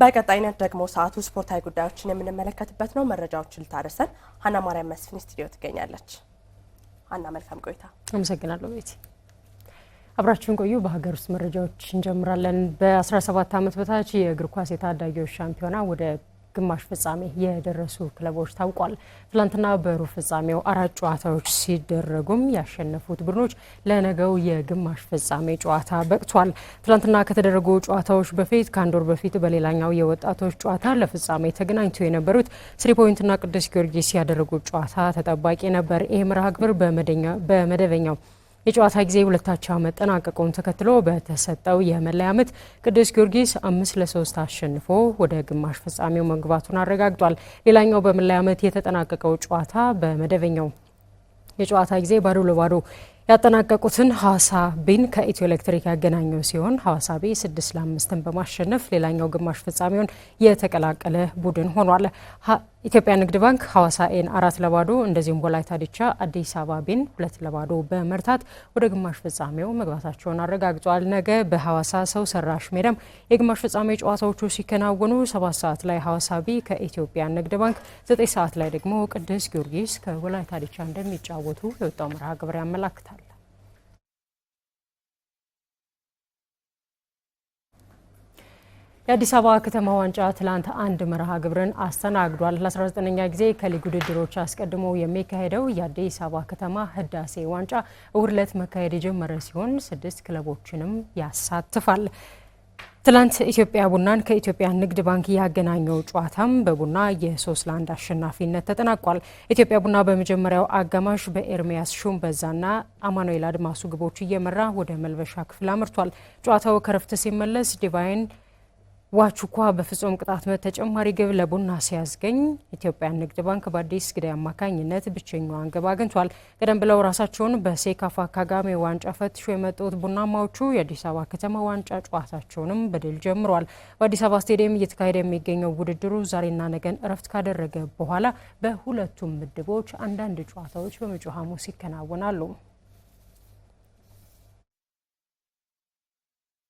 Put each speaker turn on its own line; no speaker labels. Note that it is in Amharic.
በቀጣይነት ደግሞ ሰዓቱ ስፖርታዊ ጉዳዮችን የምንመለከትበት ነው። መረጃዎችን ልታደርሰን ሀና ማርያም መስፍን ስቱዲዮ ትገኛለች። ሀና መልካም ቆይታ።
አመሰግናለሁ ቤቲ። አብራችሁን ቆዩ። በሀገር ውስጥ መረጃዎች እንጀምራለን። በ17 ዓመት በታች የእግር ኳስ የታዳጊዎች ሻምፒዮና ወደ ግማሽ ፍጻሜ የደረሱ ክለቦች ታውቋል። ትላንትና በሩብ ፍጻሜው አራት ጨዋታዎች ሲደረጉም ያሸነፉት ቡድኖች ለነገው የግማሽ ፍጻሜ ጨዋታ በቅቷል። ትላንትና ከተደረጉ ጨዋታዎች በፊት ከአንድ ወር በፊት በሌላኛው የወጣቶች ጨዋታ ለፍጻሜ ተገናኝተው የነበሩት ስሪ ፖይንትና ቅዱስ ጊዮርጊስ ያደረጉት ጨዋታ ተጠባቂ ነበር። ይህ መርሃ ግብር በመደበኛው የጨዋታ ጊዜ ሁለታቻ መጠናቀቁን ተከትሎ በተሰጠው የመለያ ምት ቅዱስ ጊዮርጊስ አምስት ለሶስት አሸንፎ ወደ ግማሽ ፍጻሜው መግባቱን አረጋግጧል። ሌላኛው በመለያ ምት የተጠናቀቀው ጨዋታ በመደበኛው የጨዋታ ጊዜ ባዶ ለባዶ ያጠናቀቁትን ሀዋሳ ቤን ከኢትዮ ኤሌክትሪክ ያገናኘው ሲሆን ሀዋሳ ቤ ስድስት ለአምስትን በማሸነፍ ሌላኛው ግማሽ ፍጻሜውን የተቀላቀለ ቡድን ሆኗል። ኢትዮጵያ ንግድ ባንክ ኤን አራት ለባዶ እንደዚሁም ወላይታ ዲቻ አዲስ አበባን ሁለት ለባዶ በመርታት ወደ ግማሽ ፍጻሜው መግባታቸውን አረጋግጧል። ነገ በሐዋሳ ሰው ሰራሽ ሜዳም የግማሽ ፍጻሜ ጨዋታዎቹ ሲከናወኑ ሰባት ሰዓት ላይ ሐዋሳ ቢ ከኢትዮጵያ ንግድ ባንክ፣ ዘጠኝ ሰዓት ላይ ደግሞ ቅዱስ ጊዮርጊስ ከወላይታ ዲቻ እንደሚጫወቱ የወጣው መርሃ ግብር ያመላክታል። የአዲስ አበባ ከተማ ዋንጫ ትላንት አንድ መርሃ ግብርን አስተናግዷል። ለ19ኛ ጊዜ ከሊግ ውድድሮች አስቀድሞ የሚካሄደው የአዲስ አበባ ከተማ ህዳሴ ዋንጫ እሁድ ዕለት መካሄድ የጀመረ ሲሆን ስድስት ክለቦችንም ያሳትፋል። ትላንት ኢትዮጵያ ቡናን ከኢትዮጵያ ንግድ ባንክ ያገናኘው ጨዋታም በቡና የሶስት ለአንድ አሸናፊነት ተጠናቋል። ኢትዮጵያ ቡና በመጀመሪያው አጋማሽ በኤርሚያስ ሹም በዛና አማኑኤል አድማሱ ግቦች እየመራ ወደ መልበሻ ክፍል አምርቷል። ጨዋታው ከረፍት ሲመለስ ዲቫይን ዋቹኳ በፍጹም ቅጣት ምት ተጨማሪ ግብ ለቡና ሲያስገኝ ኢትዮጵያ ንግድ ባንክ በአዲስ ግዳይ አማካኝነት ብቸኛዋን ግብ አግኝቷል። ቀደም ብለው ራሳቸውን በሴካፋ ካጋሜ ዋንጫ ፈትሾ የመጡት ቡናማዎቹ የአዲስ አበባ ከተማ ዋንጫ ጨዋታቸውንም በድል ጀምሯል። በአዲስ አበባ ስቴዲየም እየተካሄደ የሚገኘው ውድድሩ ዛሬና ነገን እረፍት ካደረገ በኋላ በሁለቱም ምድቦች አንዳንድ ጨዋታዎች በመጪው ሐሙስ ይከናወናሉ።